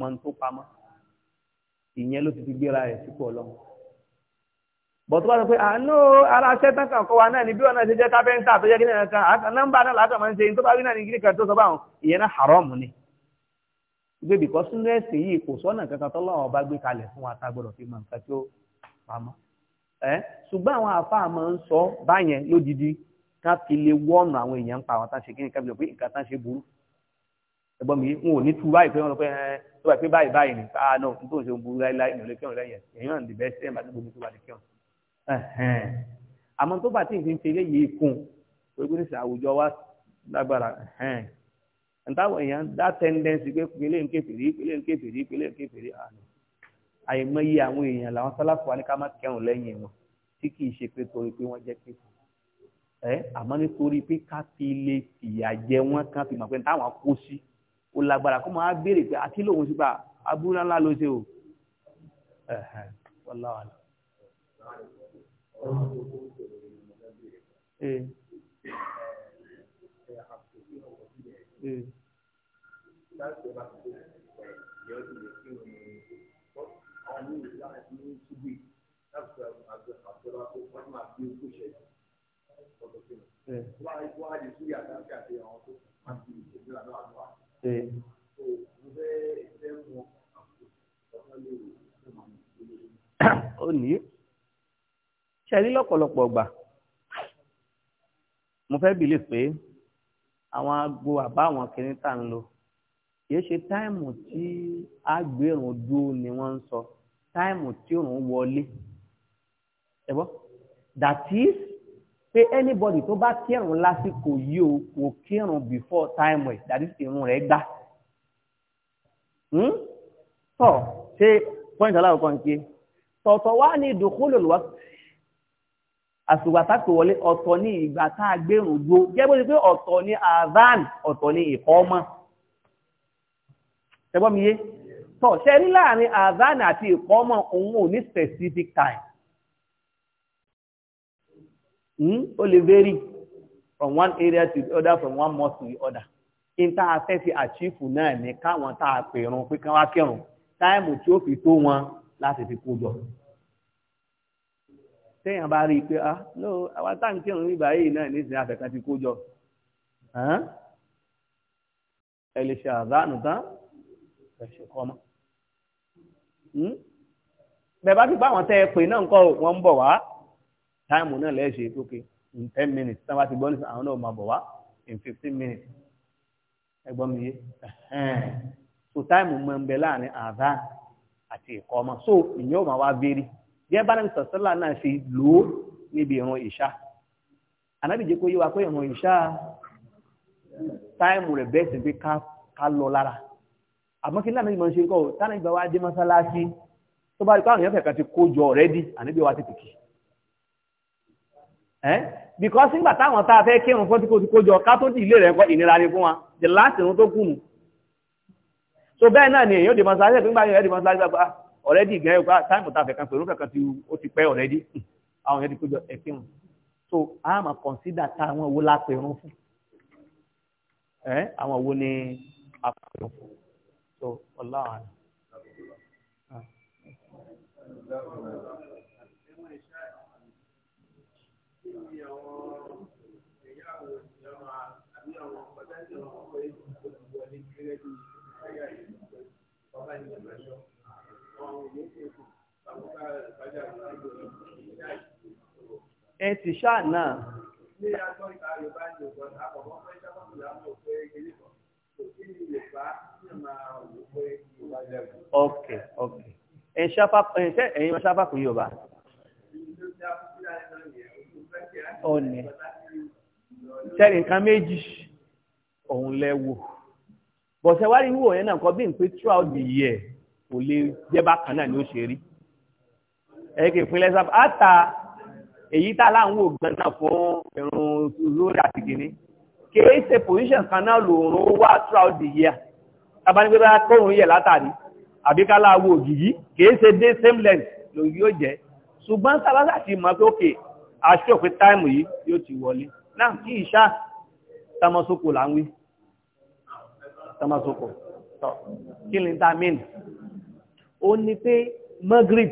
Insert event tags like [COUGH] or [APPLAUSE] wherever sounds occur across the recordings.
mọ tó pamọ́ ìyẹn ló ti fi gbéra rẹ̀ sípò ọlọ́run bọ̀ tó bá sọ pé àánú ah, ara ṣẹ́tàn kan kọ́ wa náà ní bí ọ̀nà ṣe jẹ́ káfẹ́ńtà tó jẹ́ kí náà kan àtà nọ́mbà náà látọ̀ ń ṣe tó bá rí náà ní gírí kan tó sọ báwọn ìyẹn náà haram ni gbé bìkọ́ sínú ẹ̀sìn yìí kò sọ́nà kankan tó lọ́wọ́ bá gbé kalẹ̀ fún wa tá gbọ́dọ̀ fi mọ nǹkan tí ó pamọ́ ẹ ṣùgbọ́n àwọn àfáà máa ń sọ báyẹn lódidi ká fi lè wọ́ọ̀nù àwọn èèyàn ń pa àwọn táṣe kí ẹ̀gbọ́n mi wọn ò ní tu báyìí pé wọn lọ pé ẹ tó bá pé báyìí báyìí ni ah no n tó ń ṣe ń burú láíláí ní olókè ọ̀rẹ́ yẹn èyí hàn the best ẹ̀ bá tó gbogbo tó bá lè kírun àmọ́ tó bá tí n fi ń fi eléyìí kún orí ní àwùjọ wa lágbára ntàwọn èèyàn dá tẹ́ndẹ́nsì pé pélé nkébèrè pélé nkébèrè pélé nkébèrè àná ah, àìmọye àwọn èèyàn làwọn sálàfù wa ní ká má kẹrùn lẹ́yìn wọn tí kì í ṣe pé torí pé wọ́n jẹ́ kéfù ẹ àmọ́ nítorí pé ká fi lè fìyà jẹ wọ́n kàn fi mọ̀ pé táwọn kó sí ó lágbára kó máa béèrè pé àti lòun sí pa aburú ńlá ló ṣe o wàláwàlá. ee ee Yeah ṣe. [COUGHS] ó ní ṣẹ́rí lọ́pọ̀lọpọ̀ ọgbà mo fẹ́ bìlì pé àwọn agbo àbá àwọn kìíní tá ń lò kìí ṣe táìmù tí agbèrún dúró ni wọ́n ń sọ táìmù tí òun wọlé ẹ̀gbọ́n that is pé anybody tó bá kírun lásìkò yìí o kò kírun before time ẹ̀ dàbí irun rẹ̀ gbà. Hmm? tọ́ ṣé point aláwọ̀ kan ké tọ̀tọ̀ wá ní dukhulul waqt àsùgbà táàkì wọlé ọ̀tọ̀ ní ìgbà tá a gbẹ̀rùn dúró jẹ́ bó ṣe pé ọ̀tọ̀ ní avan ọ̀tọ̀ ní ìkọ́mọ́ ṣẹgbọ́n mi yé tọ̀ ṣe rí láàrin avan àti ìkọ́mọ́ òun ò ní specific time. Hmm? ó lè vary from one area to the other from one month to the other in tá a fẹ́ fi àchífù náà ní káwọn tá a pèrún pé kán wá kírun táìmù tí ó fi tó wọn láti fi kó jọ téèyàn bá rí i pé ah no àwa tá à ń kírun nígbà yìí náà nísìnyí àfẹ̀kan ti kó jọ ẹ lè ṣe àdánù tán ẹ ṣe kọ́ mọ́ hmm? bẹ́ẹ̀ bá fi bá àwọn tẹ́ ẹ pè náà ń kọ́ wọn ń bọ̀ wá táìmù náà lẹ́ẹ̀ṣe tókè in ten minutes tí wọ́n ti gbọ́ nísìnyí àwọn náà máa bọ̀ wá in fifteen minutes ẹgbọ́n mi yé so táìmù mọ̀ ń bẹ láàrin àdá àti ẹ̀kọ́ ọmọ so ìyẹn ò máa wá béèrè bí ẹ bá ní sọ̀sọ́là náà ṣe lò ó níbi ìran ìṣá ànábì jẹ́ kó yé wa pé ìran ìṣá táìmù rẹ̀ bẹ́ẹ̀ sì pé ká lọ lára àmọ́ kí lánàá ìmọ̀ ṣe kọ́ tánà ìgbà wa dé mọ́sálásí tó bá rí káwọn èèyàn fẹ̀ka ti kó jọ ọ̀rẹ́dì ànábì wa ti pèkì because nígbà táwọn tá a fẹ́ kírun fún tí kò ti kójọ ká tó ti ilé rẹ̀ kọ́ ìnira ni fún wa the last irun tó kù so bẹ́ẹ̀ náà ni èyàn òde mọ́sálásí ẹ̀fín gbáyọ̀ ẹ̀dì mọ́sálásí àgbà ọ̀rẹ́dì ìgbẹ́ ẹ̀kọ́ táìmù tá a fẹ́ kan pẹ̀lú kankan tí ó ti pẹ́ ọ̀rẹ́dì [LAUGHS] àwọn èèyàn ti kójọ ẹ̀kírun so a máa consider ta àwọn owó lápẹ̀ irun fún ẹ̀ àwọn owó ni àpẹ̀ fún so ọlọ́run. ìfìṣà náà. Ilé ajọ́ ìta Yorùbá Kò sí ní Ok, ok. Ẹ̀yin sábà ẹ̀yin sẹ́ ẹ̀yin máa sábà kù Yorùbá. Ọ̀nẹ̀. Sẹ́rìn nǹkan méjì òun lẹ́wọ̀. Bọ̀sẹ̀ wá rí wíwọ̀ yẹn náà kọ́ bí n pé throughout the year kò lè jẹ́ bákan náà ni ó ṣe rí. Ẹ̀yin kì í pinlẹ̀ èyí tá láwọn ògbọ́n náà fún ìrùn lórí àti gìní kìí ṣe position kan náà lòrùn ó wá throughout the year abánigbé bá kọrùn yẹ látàrí àbíkálá wo ògìyí kìí ṣe dé same length lòun yóò jẹ ṣùgbọ́n sábàtà ti mọ̀ pé òkè aṣọ òpin táìmù yìí yóò ti wọlé náà kí ìṣá tamasoko là tamasoko tọ kí ni ta mean ó ní pé magrib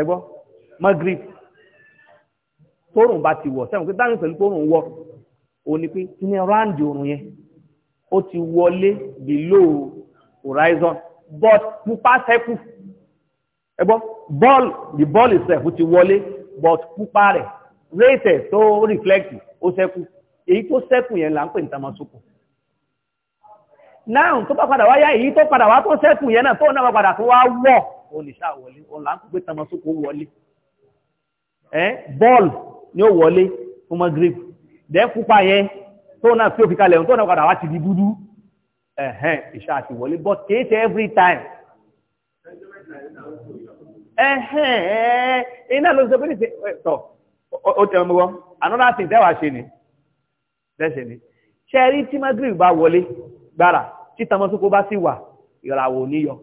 ẹgbọ́ magrib tóòrùn bá ti wọ̀ sẹ́wọ̀n pé dáhùn pẹ̀lú tóòrùn wọ̀ ò ní pé kí ni ráǹdì òrùn yẹn ó ti wọlé below horizon but pupa sẹ́kù ẹ gbọ́ ball the ball itself ó ti wọlé but pupa rẹ̀ rate tó reflect ó sẹ́kù èyí tó sẹ́kù yẹn là ń pè ní tamasoko náà tó bá padà wáyá èyí tó padà wá tó sẹ́kù yẹn náà tó náà bá padà tó wá wọ̀ òun lè ṣàwọlé òun là ń pè tamasoko wọlé Eh, ball ni ó wọlé fún mọ́ grip dẹ́ pupa yẹn tó náà fi òfin kalẹ̀ tó náà padà wá ti di eh, ẹ̀hẹ́n ìṣá àti wọlé but kéèké every time Eh, eh, ló ń sọ pé ní ṣe tọ̀ ó tẹ̀ ọmọ another thing tẹ́wàá ṣe ni tẹ́ṣe ni ṣe rí tí mọ́ grip bá wọlé gbára tí tamọ́sókó bá sì wà ìràwọ̀ níyọ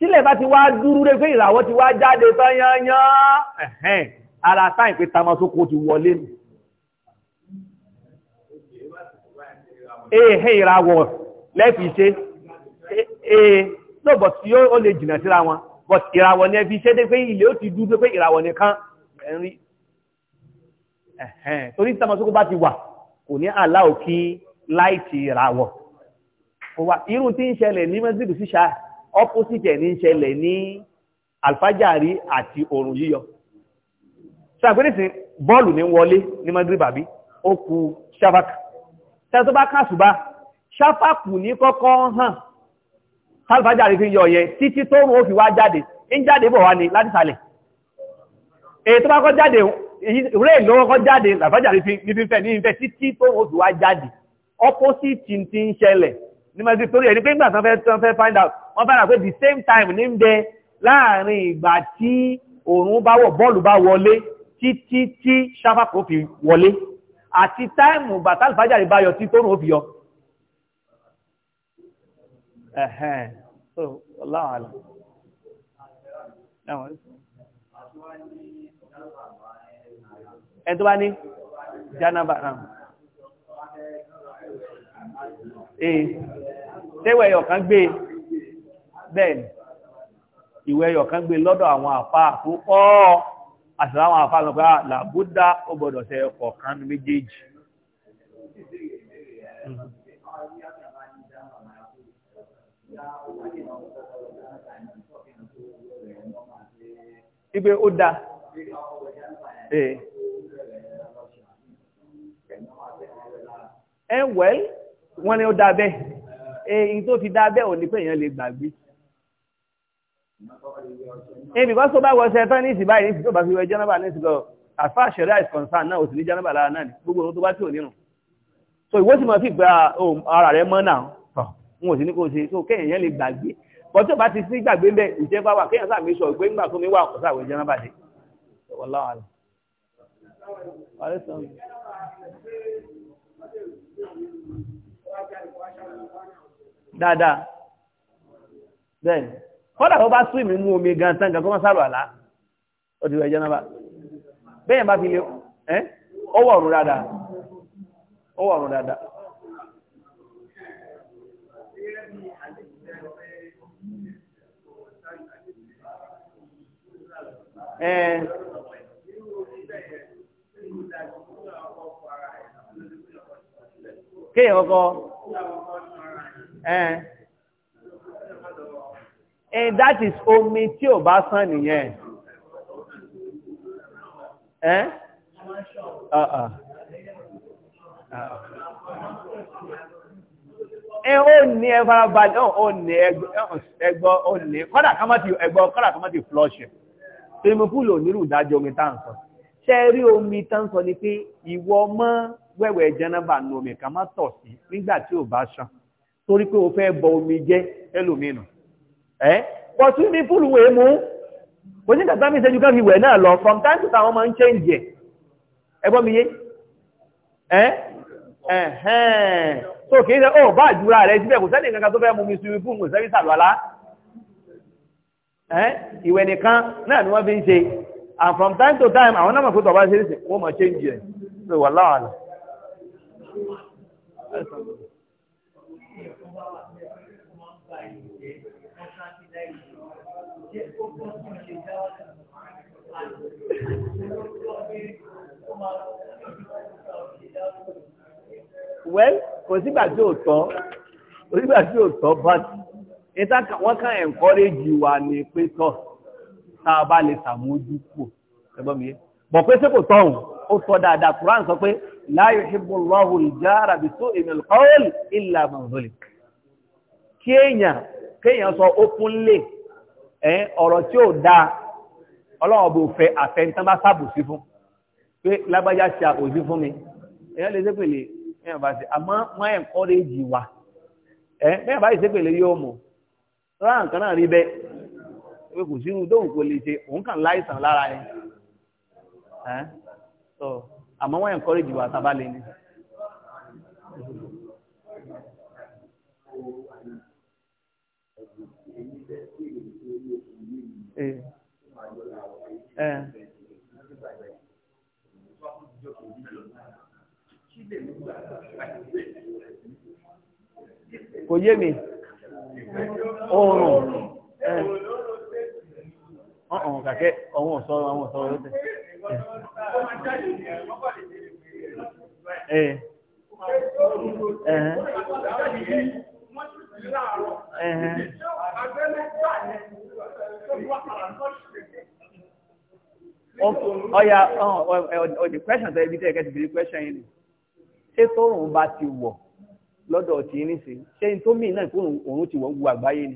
tílẹ̀ bá ti wá dúró rẹ̀ pé ìràwọ̀ ti wá jáde tán yányán ẹ̀hẹ́n ara táì pé tamasoko ti wọlé nù ẹ̀hẹ́ ìràwọ̀ lẹ́fì ṣe ẹ̀ẹ́ no but yóò ó lè jìnà síra wọn but ìràwọ̀ ni ẹbí ṣe dé pé ilẹ̀ ó ti dúró pé ìràwọ̀ nìkan ẹ̀rí ẹ̀hẹ́n torí tamasoko bá ti wà kò ní aláòkí láìtì ìràwọ̀ irú tí ń ṣẹlẹ̀ opposite ẹ̀ ní ṣẹlẹ̀ ní alfajari àti oòrùn yíyọ ṣàgbérísì bọ́ọ̀lù ní wọlé ní magreba bí ó kù ṣafak tẹ́tọ́ bá kásùbá ṣafakù ní kọ́kọ́ hàn alfajari fi yọ yẹ títí tó rùn ó fi wá jáde ń jáde bọ̀ wá ní láti sàlẹ̀ èyí tó bá kọ́ jáde ìrẹ́ ìlọ́wọ́ kọ́ jáde alfajari fi ní fífẹ́ ní ìfẹ́ títí tó ní mọ́ sí torí ẹni pé nígbà tán fẹ́ tán fẹ́ find out wọ́n fẹ́ràn pé the same time ní ń bẹ láàrin ìgbà tí òòrùn bá wọ̀ bọ́ọ̀lù bá wọlé títí tí ṣáfàkó fi wọlé àti táìmù bàtà alfajari bá yọ tí tóòrùn ó fi yọ. ẹ̀hẹ́n so Allahu alam. ẹni tó bá ní janaba náà. Um, ee tẹ́wẹ̀ ẹ̀yọ̀kan gbé bẹ́ẹ̀ni ìwẹ̀ ẹ̀yọ̀kan gbé lọ́dọ̀ àwọn àfá tó pọ̀ àṣìlá àwọn àfá lọ pé ah, ó gbọdọ̀ ṣe ọ̀kan méjèèjì wọ́n ní ó dá bẹ́ẹ̀ èyí tó fi dá bẹ́ẹ̀ ò ní pé èèyàn lè gbàgbé ebi eh, kọ́ tó bá wọ ṣe tán ní ìsìn báyìí ní ìsìn tó bá fi wọ jẹ́nàbà ní ìsìn gọ́ as far as sharia is concerned náà ò sì ní jẹ́nàbà lára náà ní gbogbo ohun tó bá tí ò nínú so ìwé tí mo fi gba oh, ara rẹ mọ́ náà wọn ah. ò sì ní kó ṣe so kéèyàn yẹn lè gbàgbé bọ́ tó bá ti sí gbàgbé bẹ́ẹ̀ ìjẹ́ bá wà kéèyàn sàmì sọ dáadáa bẹ́ẹ̀ ni kọ́dà tó bá swim mú omi gan tán gan kó má sálọ àlá ó ti wẹ̀ jẹ́nàbà bẹ́ẹ̀ bá fi lè ẹ́ ó wọ̀ ọ̀run dáadáa ó wọ̀ ọ̀run dáadáa ẹ́ kéèyàn kọ́ ẹ̀ ẹ̀ eh, that is omi tí ò bá sàn nìyẹn ẹ̀ ẹ uh-uh. eh, ó ní ẹ fara balẹ̀ ó ní ẹgbọ́ ó ní kọ́dà ká má ti ẹgbọ́ kọ́dà ká má ti flush ẹ̀ swimming pool ò nírú ìdájọ́ omi táǹkan tẹ́rí omi tán sọ ni pé ìwọ mọ́ wẹ̀wẹ̀ jẹ́nàbà nu omi kan má tọ̀ sí nígbà tí ò bá ṣan torí pé o fẹ́ bọ omi jẹ́ ẹlòmínú ẹ́ pọ̀tú ní fúlù wèé mú kò sí kàtà mi ṣẹ́jú káfíwẹ̀ náà lọ from time to time wọ́n máa ń change ẹ̀ ẹgbọ́n mi yé ẹ́ ẹ̀hẹ́n so kìí ṣe ó bá àjúra rẹ̀ síbẹ̀ kò sẹ́ni kankan tó fẹ́ mú mi swimming pool kò sẹ́ni sàlọ́lá ẹ́ ìwẹ̀ nìkan náà ni wọ́n fi ń ṣe and from time to time àwọn náà mọ̀ pé tọ̀bá ṣe é ṣe wọ́n mọ̀ change rẹ̀ so wà láwàlá. well kò sígbà tí ò tọ́ kò sígbà tí ò tọ́ but wọ́n kàn encourage wa ni pé tọ́ táa bá lè sàmójúpò ẹgbọ́mìyẹ bọ̀ pé sí kò tọ́hùn ó sọ dáadáa Quran sọ pé la yuhibbu Allahu al-jara bisu'in al-qawl illa man zulim kí èèyàn kéèyàn sọ ókún lè ẹ ọ̀rọ̀ tí ó dáa ọlọ́wọ́ bò fẹ́ àfẹ́ntán bá sábòsí fún pé lágbájá ṣe àkòsí fún mi èèyàn lè sépèlè èèyàn bá ṣe àmọ́ wọ́n encourage wa ẹ bẹ́ẹ̀ bá ṣe sépèlè yóò mọ̀ rárá nǹkan náà rí bẹ́ẹ̀ ewé kò sírú dóhùn kò lè ṣe òun kàn láìsàn lára ni àmọ́ wọ́n encourage wa tá a bá lè ní. kò yé mi oorun. sàkẹ́ ọ̀hún ọ̀sọ́rọ̀ ọ̀hún ọ̀sọ́rọ̀ lóde. Eh. Eh. Eh. Oh, oh, oh, question question ti wọ̀ lọ́dọ̀ tí ní sí ṣé tó mìíràn òun ti wọ̀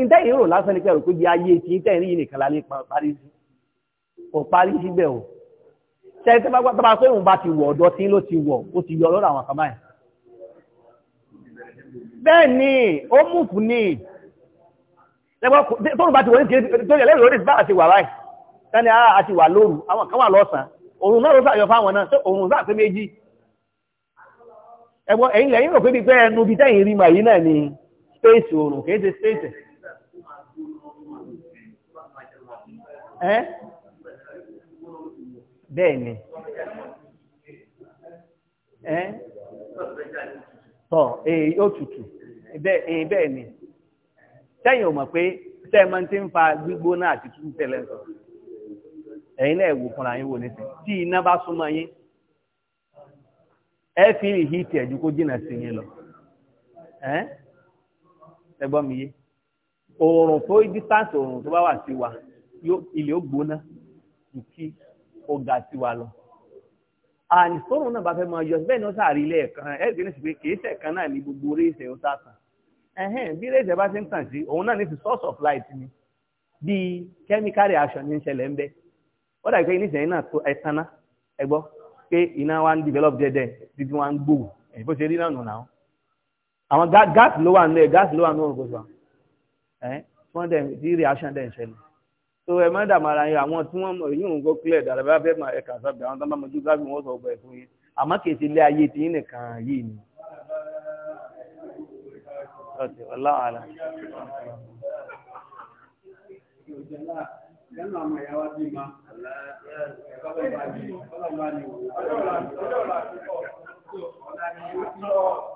ìtẹ́ ìrò lásán ní kẹrò pé bí ayé tí ń tẹ̀rí yìí nìkan lálé parí sí kò parí sí bẹ́ẹ̀ o ṣe tí bá gbá pé òun bá ti wọ̀ ọ̀dọ́ tí ló ti wọ̀ ó ti yọ lọ́dọ̀ àwọn àkàmáì bẹ́ẹ̀ ni ó mú fún ní tóun bá ti wọ̀ ní torí ẹlẹ́rìí lórí bá àti wà báyìí tẹ́ni ara ah, àti wà lóru àwọn kan wà lọ́sàn-án òun náà ló sàyọ fáwọn náà tó òun sáà pé méjì ẹ̀yìn lẹ́yìn rò pé bí pé ẹnu bí tẹ́yìn rí màyí náà ni space oòrùn kìí ṣe space ẹ̀ bẹ́ẹ̀ ni ẹ̀ tọ̀ èyí ó tutù bẹ́ẹ̀ ni tẹ́yìn ò mọ̀ pé tẹ́ẹ̀mọ́ ti ń fa gbígbóná àti tútù tẹ́lẹ̀ sọ ẹ̀yin náà wò fúnra ní tí iná bá súnmọ́ yín ẹ fi ìhìtì sí yín lọ ẹgbọ́n mi yé oòrùn tó distance oòrùn tó bá wà sí wa ilé ó gbóná ju kí ó ga sí wa lọ àìsóòrùn náà bá fẹ́ máa yọ bẹ́ẹ̀ ni ó sàárí ilé ẹ̀kan ẹ̀ẹ́dì ní ṣùgbọ́n kì í ṣẹ̀kan náà ní gbogbo réṣẹ̀ ó sàtàn ẹ̀hẹ́n bí réṣẹ̀ bá ti ń tàn sí òun náà ní ti source of light ni bíi chemical reaction ní ń ṣẹlẹ̀ ń bẹ́ ó dàbí pé níṣẹ̀yìn náà tó ẹ̀tánná ẹ̀gbọ́ pé iná wa ń develop dẹ́dẹ́ dídí wa ń gbòò ẹ̀yìn bó ṣe rí náà nù náà àwọn gáàsì ló wà nílẹ̀ gáàsì ló wà ní ọ̀rọ̀ gbogbo wọ́n dẹ̀ tí reaction dẹ̀ ń ṣẹlẹ̀ so ẹ má dàmọ́ ara yín àwọn tí wọ́n mọ̀ yín òun kó clear dára bá fẹ́ máa ẹ̀ka sábẹ̀ àwọn tó bá mọ̀ ju gáàsì wọn sọ ọgbà ẹ̀fọ́ yín àmọ́ kì í ṣe ilé ayé tí yín nìkan yìí ni. Thank you.